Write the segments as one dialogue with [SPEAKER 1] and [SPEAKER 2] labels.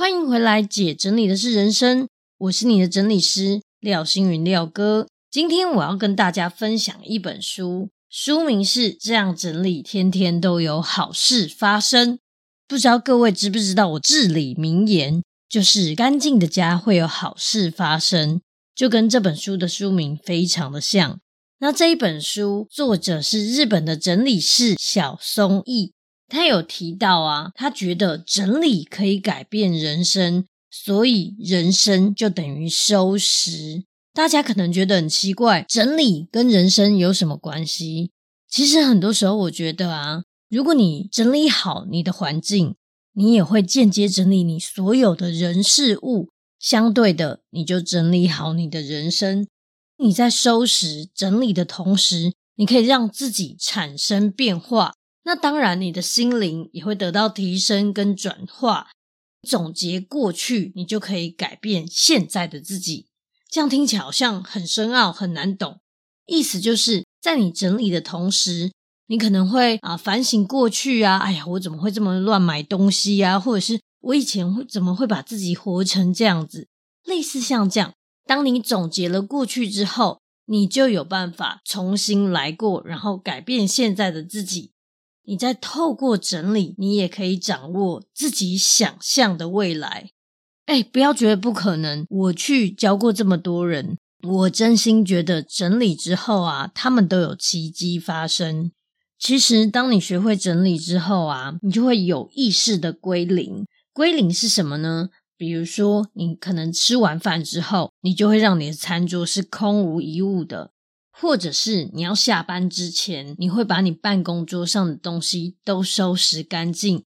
[SPEAKER 1] 歡迎回來，姐整理的是人生，我是你的整理師廖心筠廖哥。今天我要跟大家分享一本書，書名是《這樣整理，天天都有好事發生》。不知道各位知不知道，我至理名言就是“乾淨的家會有好事發生”，就跟這本書的書名非常的像。那這一本書作者是日本的整理師小松易。他有提到啊，他覺得整理可以改變人生，所以人生就等於收拾。大家可能覺得很奇怪，整理跟人生有什麼關係？其實很多時候，我覺得啊，如果你整理好你的環境，你也會間接整理你所有的人事物。相對的，你就整理好你的人生。你在收拾整理的同時，你可以讓自己產生變化。那當然，你的心靈也會得到提升跟轉化。總結過去，你就可以改變現在的自己。這樣聽起來好像很深奧，很難懂。意思就是在你整理的同時，你可能會啊反省過去啊，哎呀，我怎麼會這麼亂買東西啊？或者是我以前怎麼會把自己活成這樣子？類似像這樣，當你總結了過去之後，你就有辦法重新來過，然後改變現在的自己。你再透過整理，你也可以掌握自己想象的未來。哎、欸，不要覺得不可能。我去教過這麼多人，我真心覺得整理之後啊，他們都有奇蹟發生。其實，當你學會整理之後啊，你就會有意識的歸零。歸零是什麼呢？比如說，你可能吃完飯之後，你就會讓你的餐桌是空無一物的。或者是你要下班之前，你會把你辦公桌上的東西都收拾乾淨，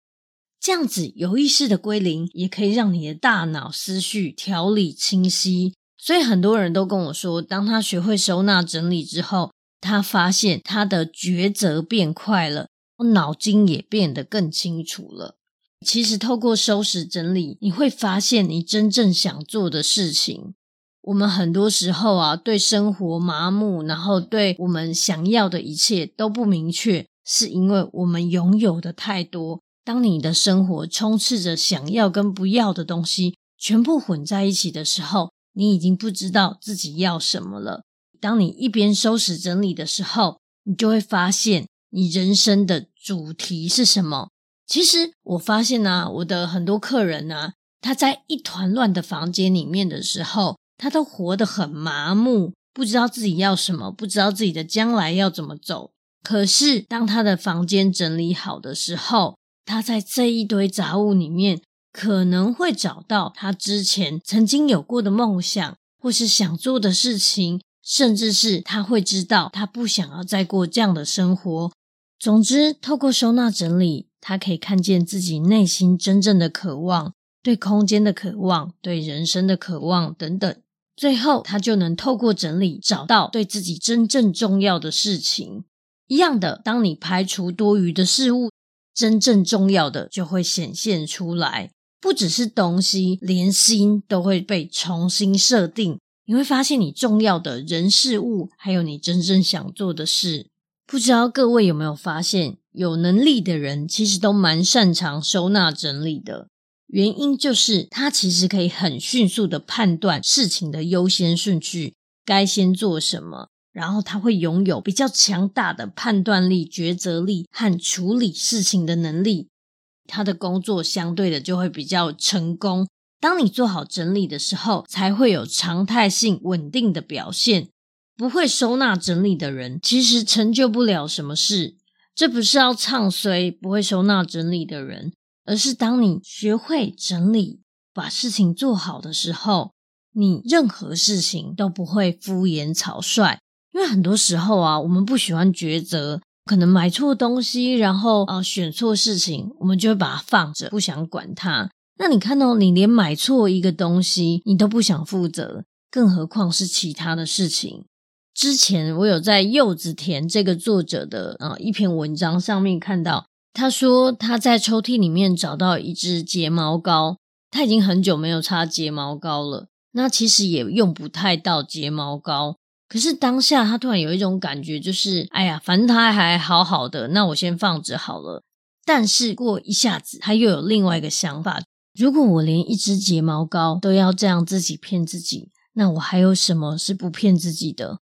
[SPEAKER 1] 這樣子有意識的歸零，也可以讓你的大腦思緒條理清晰。所以很多人都跟我說，當他學會收納整理之後，他發現他的抉擇變快了，腦筋也變得更清楚了。其實透過收拾整理，你會發現你真正想做的事情。我們很多時候啊，對生活麻木，然後對我們想要的一切都不明確，是因為我們擁有的太多。當你的生活充斥着想要跟不要的東西，全部混在一起的時候，你已經不知道自己要什麼了。當你一邊收拾整理的時候，你就會發現你人生的主題是什麼。其實我發現啊，我的很多客人啊，他在一團亂的房間裡面的時候。他都活得很麻木，不知道自己要什麼，不知道自己的將來要怎麼走。可是，當他的房間整理好的時候，他在這一堆雜物裡面可能會找到他之前曾經有過的夢想，或是想做的事情，甚至是他會知道他不想要再過這樣的生活。總之，透過收納整理，他可以看見自己內心真正的渴望，對空間的渴望，對人生的渴望等等。最後，他就能透過整理找到對自己真正重要的事情。一樣的，當你排除多餘的事物，真正重要的就會顯現出來。不只是東西，連心都會被重新設定。你會發現，你重要的人事物，還有你真正想做的事。不知道各位有沒有發現，有能力的人其實都蠻擅長收納整理的。原因就是，他其實可以很迅速的判斷事情的優先順序，該先做什麼，然後他會擁有比較強大的判斷力、抉擇力和處理事情的能力。他的工作相對的就會比較成功。當你做好整理的時候，才會有常態性穩定的表現。不會收納整理的人，其實成就不了什麼事。這不是要唱衰不會收納整理的人。而是當你學會整理、把事情做好的時候，你任何事情都不會敷衍草率。因為很多時候啊，我們不喜歡抉擇，可能買錯東西，然後啊、呃、選錯事情，我們就會把它放着，不想管它。那你看到、哦、你連買錯一個東西，你都不想負責，更何況是其他的事情。之前我有在柚子田這個作者的啊、呃、一篇文章上面看到。他說：“他在抽屜裡面找到一支睫毛膏，他已經很久沒有擦睫毛膏了。那其實也用不太到睫毛膏。可是當下他突然有一種感覺，就是哎呀，反正他還好好的，那我先放着好了。但是過一下子，他又有另外一個想法：如果我連一支睫毛膏都要這樣自己騙自己，那我還有什麼是不騙自己的？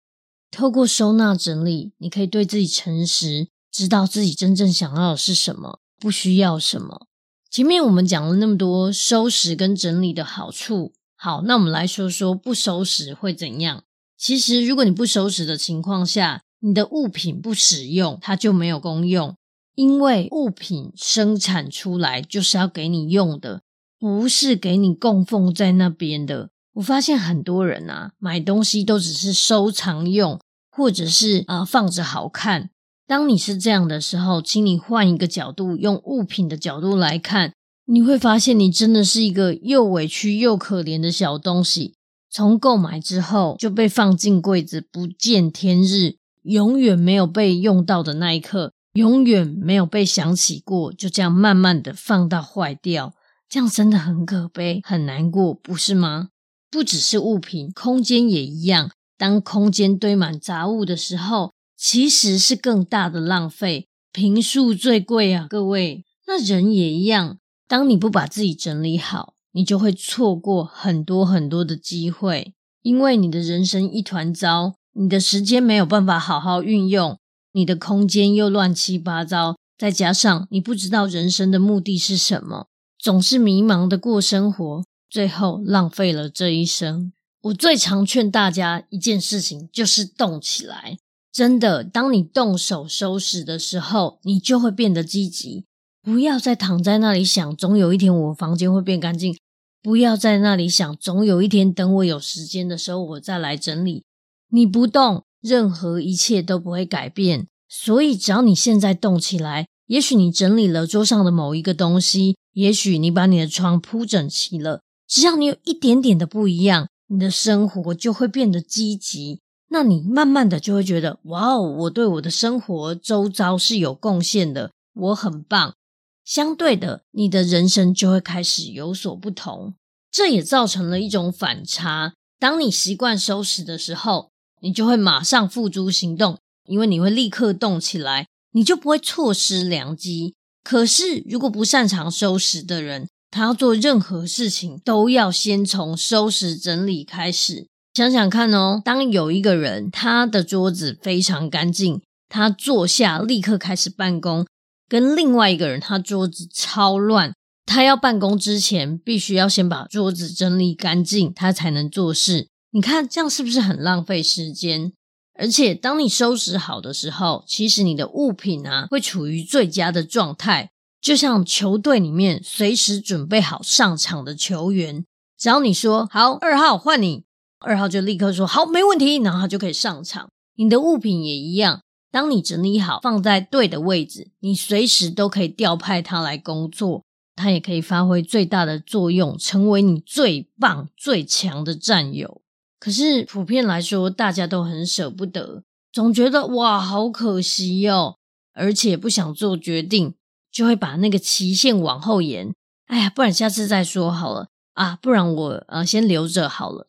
[SPEAKER 1] 透過收納整理，你可以對自己誠實。”知道自己真正想要的是什麼，不需要什麼。前面我們講了那麼多收拾跟整理的好處，好，那我們來說說不收拾會怎樣。其實，如果你不收拾的情況下，你的物品不使用，它就沒有功用。因為物品生產出來就是要給你用的，不是給你供奉在那邊的。我發現很多人啊，買東西都只是收藏用，或者是啊，呃，放着好看。當你是這樣的時候，請你換一個角度，用物品的角度來看，你會發現你真的是一個又委屈又可憐的小東西。從購買之後就被放進櫃子，不見天日，永遠沒有被用到的那一刻，永遠沒有被想起過，就這樣慢慢的放到壞掉，這樣真的很可悲，很難過，不是嗎？不只是物品，空間也一樣。當空間堆滿雜物的時候。其實是更大的浪費，坪數最貴啊！各位，那人也一樣。當你不把自己整理好，你就會錯過很多很多的機會，因為你的人生一團糟，你的時間沒有辦法好好運用，你的空間又亂七八糟，再加上你不知道人生的目的是什麼，總是迷茫的過生活，最後浪費了這一生。我最常勸大家一件事情，就是動起來。真的，當你動手收拾的時候，你就會變得積極。不要再躺在那裡想，總有一天我房間會變乾淨。不要在那裡想，總有一天等我有時間的時候，我再來整理。你不動，任何一切都不會改變。所以，只要你現在動起來，也許你整理了桌上的某一個東西，也許你把你的床鋪整齊了，只要你有一點點的不一樣，你的生活就會變得積極。那你慢慢的就會覺得，哇哦，我對我的生活周遭，是有貢獻的，我很棒。相對的，你的人生就會開始有所不同。這也造成了一種反差。當你習慣收拾的時候，你就會馬上付諸行動，因為你會立刻動起來，你就不會錯失良機。可是，如果不擅長收拾的人，他要做任何事情，都要先從收拾整理開始。想想看哦，當有一個人，他的桌子非常乾淨，他坐下立刻開始辦公；跟另外一個人，他桌子超亂，他要辦公之前必須要先把桌子整理乾淨，他才能做事。你看這樣是不是很浪費時間？而且當你收拾好的時候，其實你的物品啊會處於最佳的狀態，就像球隊裡面隨時準備好上場的球員，只要你說“好，二號換你”。二號就立刻說好，沒問題，然後就可以上場。你的物品也一樣，當你整理好，放在對的位置，你隨時都可以調派他來工作，他也可以發揮最大的作用，成為你最棒最強的戰友。可是普遍來說，大家都很捨不得，總覺得哇，好可惜哦，而且不想做決定，就會把那個期限往後延。哎呀，不然下次再說好了啊，不然我呃、啊、先留着好了。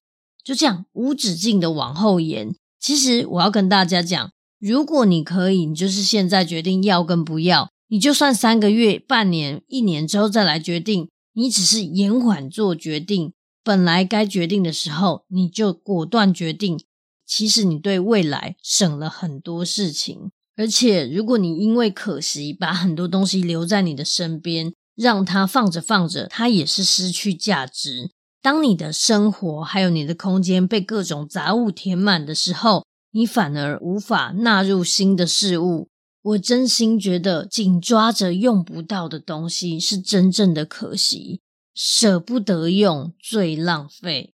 [SPEAKER 1] 就這樣無止境的往後延。其實我要跟大家講，如果你可以，你就是現在決定要跟不要。你就算三個月、半年、一年之後再來決定，你只是延緩做決定。本來該決定的時候，你就果斷決定。其實你對未來省了很多事情。而且，如果你因為可惜，把很多東西留在你的身邊，讓它放着放着，它也是失去價值。當你的生活還有你的空間被各種雜物填滿的時候，你反而無法納入新的事物。我真心覺得緊抓着用不到的東西是真正的可惜，舍不得用，最浪費。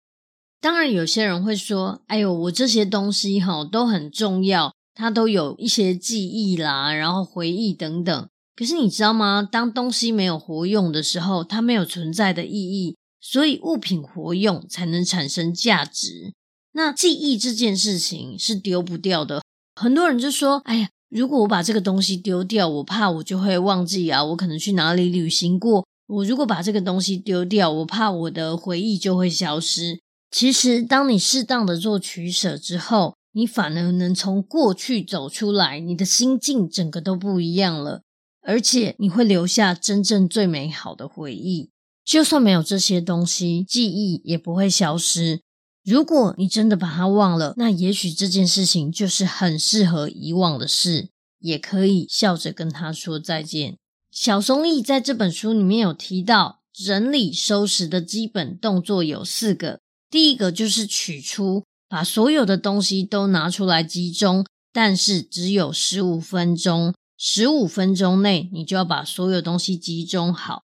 [SPEAKER 1] 當然，有些人會說：“哎喲，我這些東西哈都很重要，它都有一些記憶啦，然後回憶等等。”可是你知道嗎？當東西沒有活用的時候，它沒有存在的意義。所以物品活用才能產生價值。那記憶這件事情是丟不掉的。很多人就說：“哎呀，如果我把這個東西丟掉，我怕我就會忘記啊，我可能去哪裡旅行過。我如果把這個東西丟掉，我怕我的回憶就會消失。”其實，當你適當的做取捨之後，你反而能從過去走出來，你的心境整個都不一樣了，而且你會留下真正最美好的回憶。就算沒有這些東西，記憶也不會消失。如果你真的把它忘了，那也許這件事情就是很適合遺忘的事，也可以笑着跟他說再見。小松易在這本書裡面有提到，整理收拾的基本動作有四個，第一個就是取出，把所有的東西都拿出來集中，但是只有十五分鐘，十五分鐘內你就要把所有東西集中好。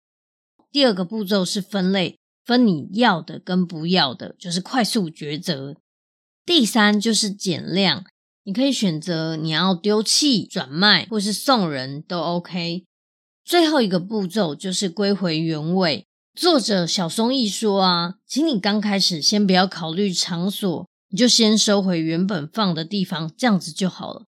[SPEAKER 1] 第二個步驟是分類，分你要的跟不要的，就是快速抉擇。第三就是減量，你可以選擇你要丟棄、轉賣或是送人都 OK。最後一個步驟就是歸回原位。作者小松易說啊，請你剛開始先不要考慮場所，你就先收回原本放的地方，這樣子就好了。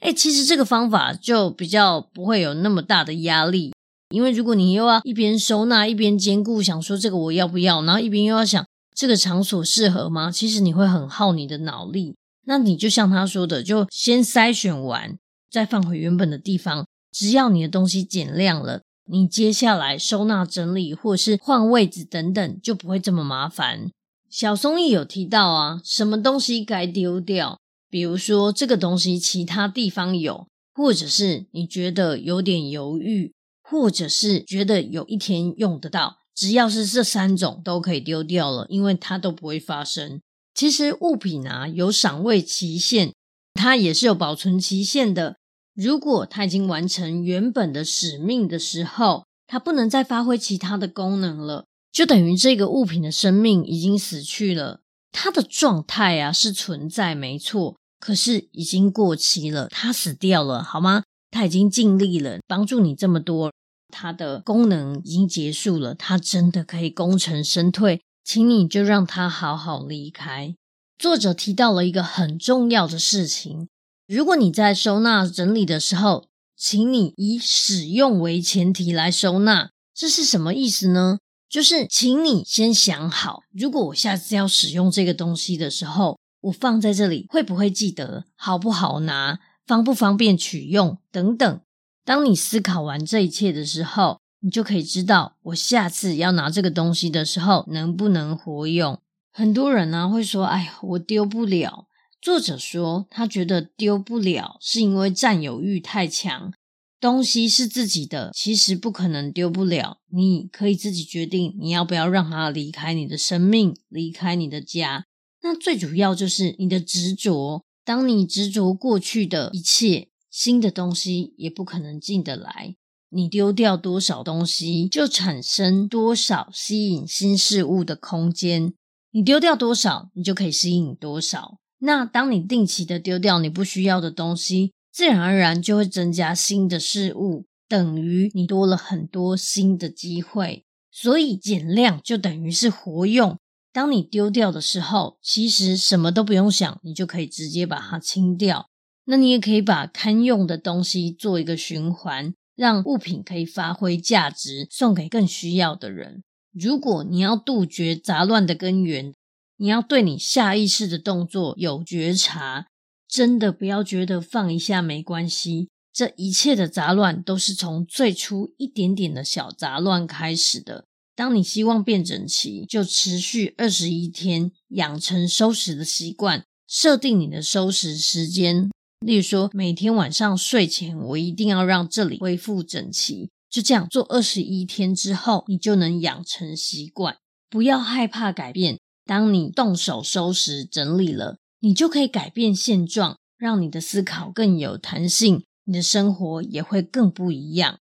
[SPEAKER 1] 哎、欸，其實這個方法就比較不會有那麼大的壓力。因為如果你又要一邊收納一邊兼顧，想說這個我要不要，然後一邊又要想這個場所適合嗎？其實你會很耗你的腦力。那你就像他說的，就先篩選完，再放回原本的地方。只要你的東西減量了，你接下來收納整理或是換位置等等，就不會這麼麻煩。小松易有提到啊，什麼東西該丟掉？比如說這個東西其他地方有，或者是你覺得有點猶豫。或者是覺得有一天用得到，只要是這三種都可以丟掉了，因為它都不會發生。其實物品啊有賞味期限，它也是有保存期限的。如果它已經完成原本的使命的時候，它不能再發揮其他的功能了，就等於這個物品的生命已經死去了。它的狀態啊是存在沒錯，可是已經過期了，它死掉了，好嗎？他已經盡力了，幫助你這麼多，他的功能已經結束了，他真的可以功成身退，請你就讓他好好離開。作者提到了一個很重要的事情，如果你在收納整理的時候，請你以使用為前提來收納，這是什麼意思呢？就是請你先想好，如果我下次要使用這個東西的時候，我放在這裡會不會記得，好不好拿？方不方便取用等等。當你思考完這一切的時候，你就可以知道我下次要拿這個東西的時候能不能活用。很多人呢、啊、會說：“哎，我丟不了。”作者說他覺得丟不了是因為佔有欲太強，東西是自己的，其實不可能丟不了。你可以自己決定你要不要讓它離開你的生命，離開你的家。那最主要就是你的執着。當你執着過去的一切，新的東西也不可能進得來。你丟掉多少東西，就產生多少吸引新事物的空間。你丟掉多少，你就可以吸引多少。那當你定期的丟掉你不需要的東西，自然而然就會增加新的事物，等於你多了很多新的機會。所以減量就等於是活用。當你丟掉的時候，其實什麼都不用想，你就可以直接把它清掉。那你也可以把堪用的東西做一個循環，讓物品可以發揮價值，送給更需要的人。如果你要杜絕雜亂的根源，你要對你下意識的動作有覺察，真的不要覺得放一下沒關係。這一切的雜亂都是從最初一點點的小雜亂開始的。當你希望變整齊，就持續二十一天，養成收拾的習慣，設定你的收拾時間，例如說每天晚上睡前，我一定要讓這裡恢復整齊。就這樣做二十一天之後，你就能養成習慣。不要害怕改變，當你動手收拾整理了，你就可以改變現狀，讓你的思考更有彈性，你的生活也會更不一樣。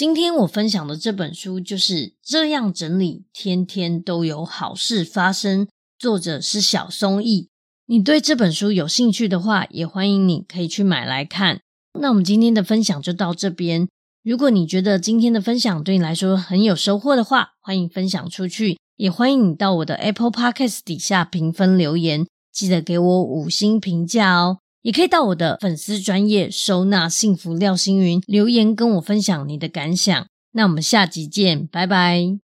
[SPEAKER 1] 今天我分享的這本書就是這樣整理，天天都有好事發生。作者是小松易。你對這本書有興趣的話，也歡迎你可以去買來看。那我們今天的分享就到這邊。如果你覺得今天的分享對你來說很有收穫的話，歡迎分享出去，也歡迎你到我的 Apple Podcast 底下評分留言，記得給我五星評價哦。也可以到我的粉絲專頁收納幸福廖心筠留言，跟我分享你的感想。那我們下集見，拜拜。